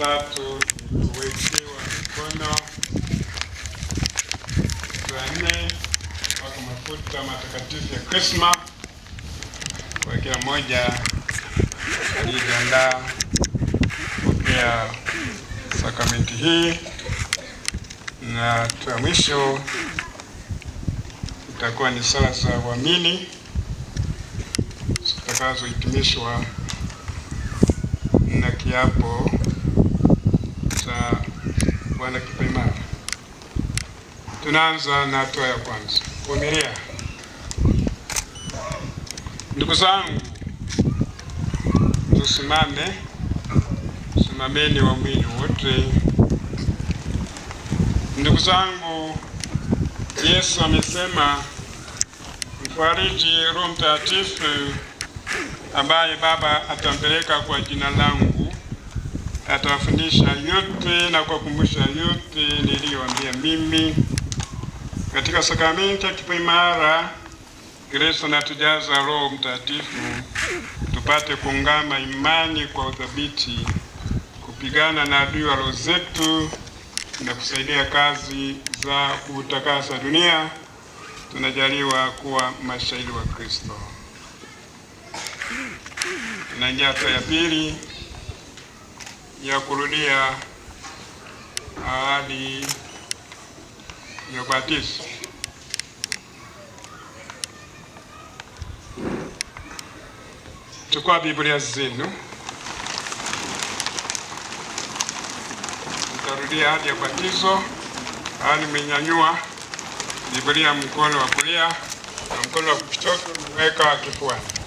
tatu ni kuwekewa mikono, za nne wako mafuta matakatifu ya krisma kwa kila mmoja aliyejiandaa kupokea sakramenti hii, na tua mwisho itakuwa ni sala za uamini zitakazohitimishwa na kiapo Bwana kipa Tunaanza na hatua ya kwanza, vumilia. Ndugu zangu, tusimame, simameni wa mwili wote. Ndugu zangu, Yesu amesema Mfariji Roho Mtakatifu ambaye Baba atampeleka kwa jina langu atawafundisha yote na kuwakumbusha yote niliyoambia mimi katika sakramenti ya kipaimara. Kristo natujaza Roho Mtakatifu tupate kuungama imani kwa uthabiti, kupigana na adui wa roho zetu na kusaidia kazi za kutakasa dunia. Tunajaliwa kuwa mashahidi wa Kristo. Na njata ya pili ya kurudia ahadi ya ubatizo. Chukua Biblia zenu, mtarudia ahadi ya ubatizo. Haya, nimenyanyua Biblia mkono wa kulia na mkono wa kushoto nimeweka kifuani.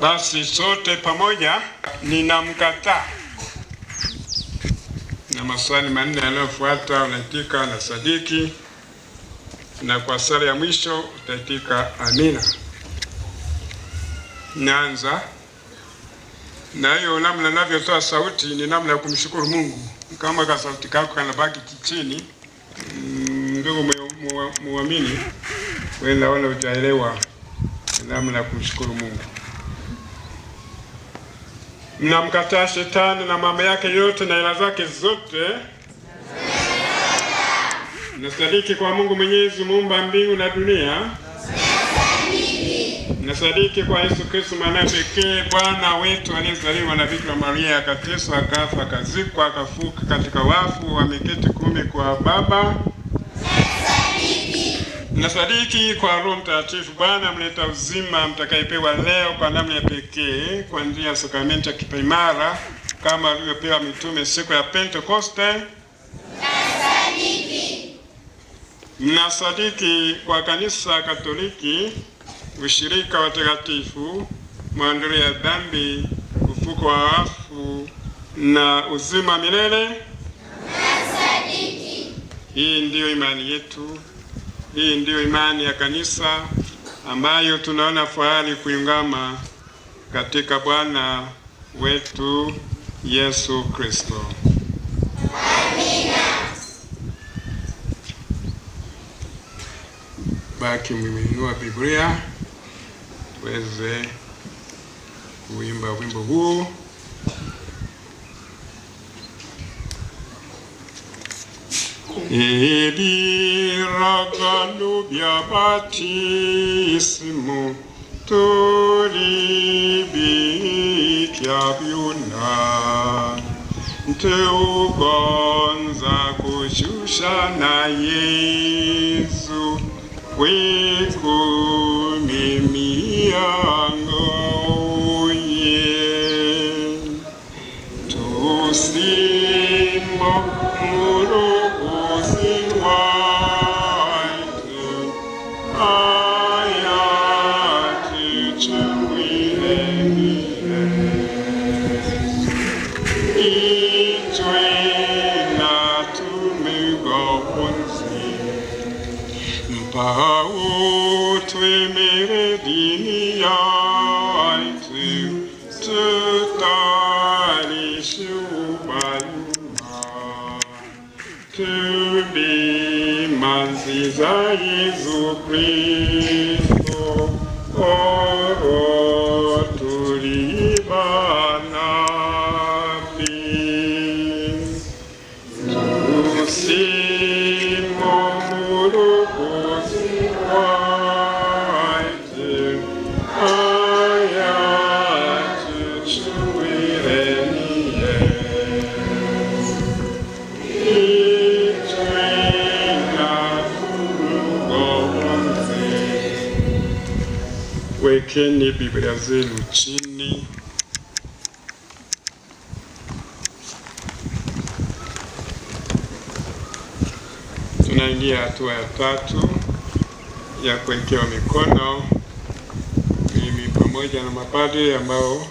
Basi sote pamoja, ninamkataa. Na maswali manne yanayofuata unaitika na sadiki, na kwa sala ya mwisho utaitika amina. Naanza na hiyo namna ninavyotoa sauti ni namna ya kumshukuru Mungu. Kama ka sauti kako kanabaki kichini, ndugu muamini, wewe naona utaelewa namna ya kumshukuru Mungu namkataa shetani na mama yake yote na hela zake zote. Nasadiki kwa Mungu Mwenyezi muumba mbingu na dunia. Nasadiki kwa Yesu Kristo mwanaye pekee Bwana wetu aliyezaliwa na Bikira Maria, akateswa, akafa, akazikwa, akafuka katika wafu, ameketi kumi kwa Baba Nasadiki kwa Roho Mtakatifu, Bwana mleta uzima mtakayepewa leo kwa namna ya pekee kwa njia ya sakramenti ya kipaimara kama alivyopewa mitume siku ya Pentekoste. Mnasadiki kwa Kanisa Katoliki, ushirika wa watakatifu, maondoleo ya dhambi, ufuko wa wafu na uzima milele. Hii ndiyo imani yetu. Hii ndiyo imani ya kanisa ambayo tunaona fahari kuungama katika Bwana wetu Yesu Kristo. Amina. Baki mmeinua Biblia tuweze kuimba wimbo huu. Iliraganu bya batismu tulibikia vyuna tugonza kushusha na Yesu kwikumimia Autre meridiniai tu tutali shubaluma Tu Wekeni Biblia zenu chini. Tunaingia hatua ya tatu ya kuwekewa mikono, mimi pamoja na mapadri ambao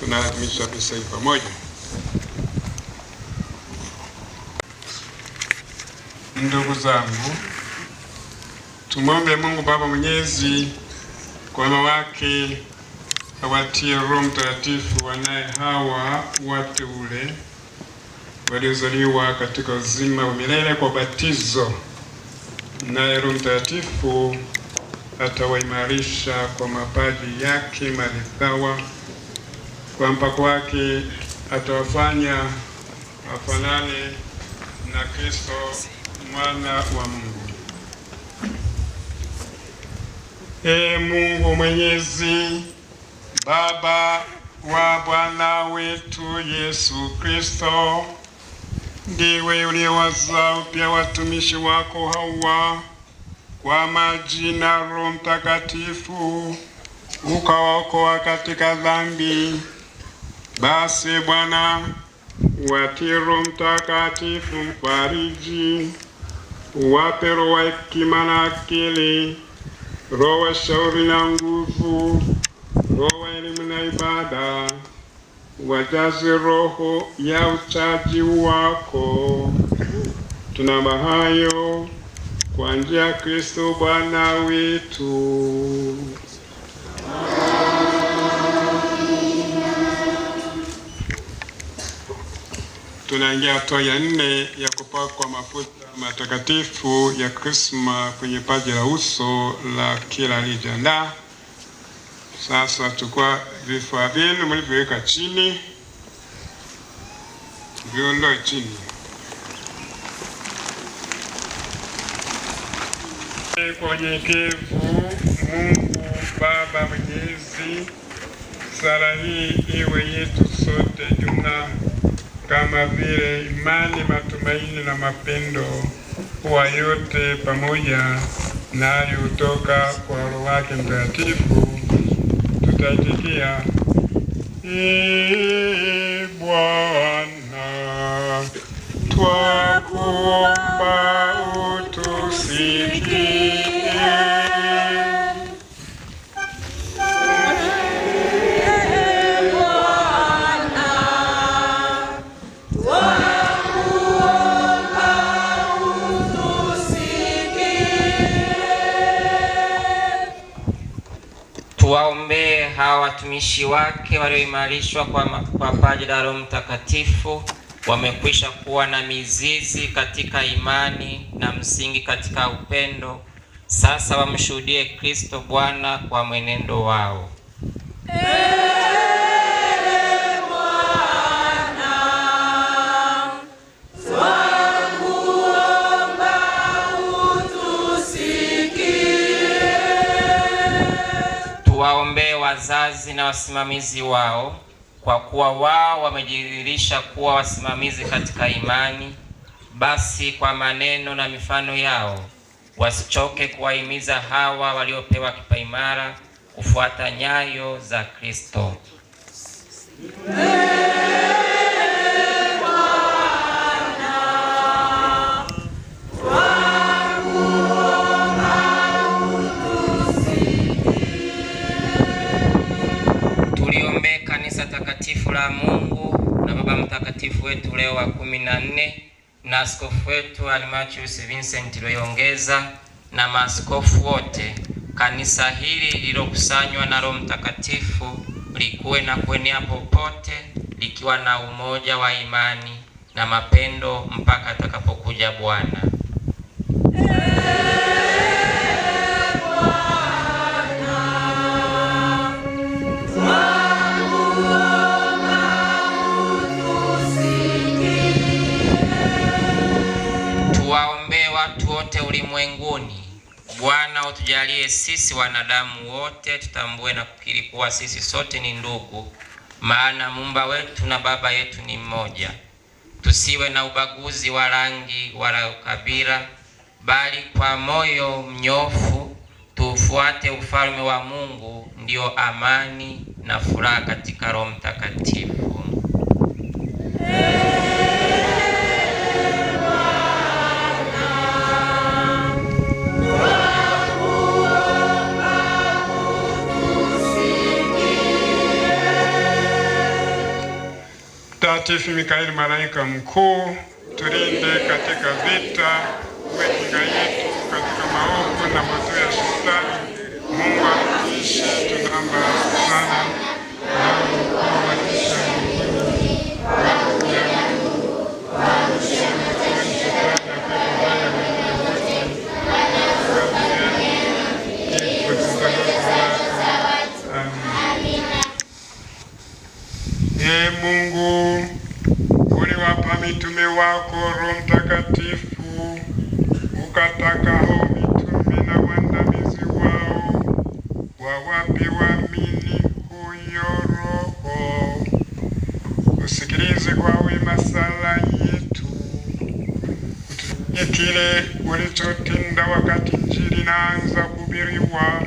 tunaadhimisha misa hii pamoja. Ndugu zangu, tumwombe Mungu Baba Mwenyezi wake awatie Roho Mtakatifu wanaye hawa wateule waliozaliwa katika uzima wa milele kwa batizo, naye Roho Mtakatifu atawaimarisha kwa mapaji yake maridhawa. Kwa mpako wake atawafanya afanane na Kristo mwana wa Mungu. Ee Mungu Mwenyezi, Baba wa Bwana wetu Yesu Kristo, ndiwe uliwazaa upya watumishi wako hawa kwa majina Roho Mtakatifu, ukawaokoa katika dhambi. Basi Bwana, watie Roho Mtakatifu Mfariji, uwape roho wa hekima na akili roho wa shauri na nguvu, roho wa elimu na ibada, wajaze roho ya uchaji wako. Tunaomba hayo kwa njia ya Kristo Bwana wetu. Tunaingia hatua ya nne ya kupakwa mafuta matakatifu ya Krisma kwenye paji la uso la kila aliyejiandaa. Sasa chukua vifaa vyenu mlivyoweka chini, viondoe chini. Kwa unyenyekevu, Mungu Baba Mwenyezi, sala hii iwe yetu sote jumla kama vile imani, matumaini na mapendo, huwa yote pamoja nayo hutoka kwa Roho wake Mtakatifu. Tutaitikia Ee Bwana, twaku tuwaombee hawa watumishi wake walioimarishwa kwa, kwa paji la Roho Mtakatifu, wamekwisha kuwa na mizizi katika imani na msingi katika upendo. Sasa wamshuhudie Kristo Bwana kwa mwenendo wao. wazazi na wasimamizi wao, kwa kuwa wao wamejidhihirisha kuwa wasimamizi katika imani, basi kwa maneno na mifano yao wasichoke kuwahimiza hawa waliopewa kipaimara kufuata nyayo za Kristo. la Mungu na Baba Mtakatifu wetu Leo wa kumi na nne na askofu wetu Almachius Vincent Loyongeza na maaskofu wote, kanisa hili lililokusanywa na Roho Mtakatifu likuwe na kuenea popote, likiwa na umoja wa imani na mapendo mpaka atakapokuja Bwana. ulimwenguni. Bwana utujalie sisi wanadamu wote tutambue na kukiri kuwa sisi sote ni ndugu, maana muumba wetu na baba yetu ni mmoja. Tusiwe na ubaguzi wa rangi wala ukabila, bali kwa moyo mnyofu tufuate ufalme wa Mungu, ndio amani na furaha katika Roho Mtakatifu. Mtakatifu Mikaeli, malaika mkuu, tulinde katika vita, uwe kinga yetu katika maovu na mazoea ya Shetani. Mungu akuishi, tunaomba sana. mitume wako Roho Mtakatifu hao mitume na wandamizi wao wawape waamini huyo Roho usikilize kwa wema sala yetu kile ulichotenda wakati Injili inaanza kuhubiriwa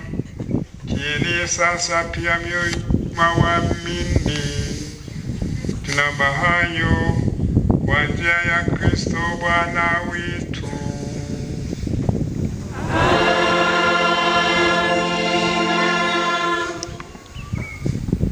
kile sasa pia mioyo mwa waamini tunamba hayo kwa njia ya Kristo Bwana wetu.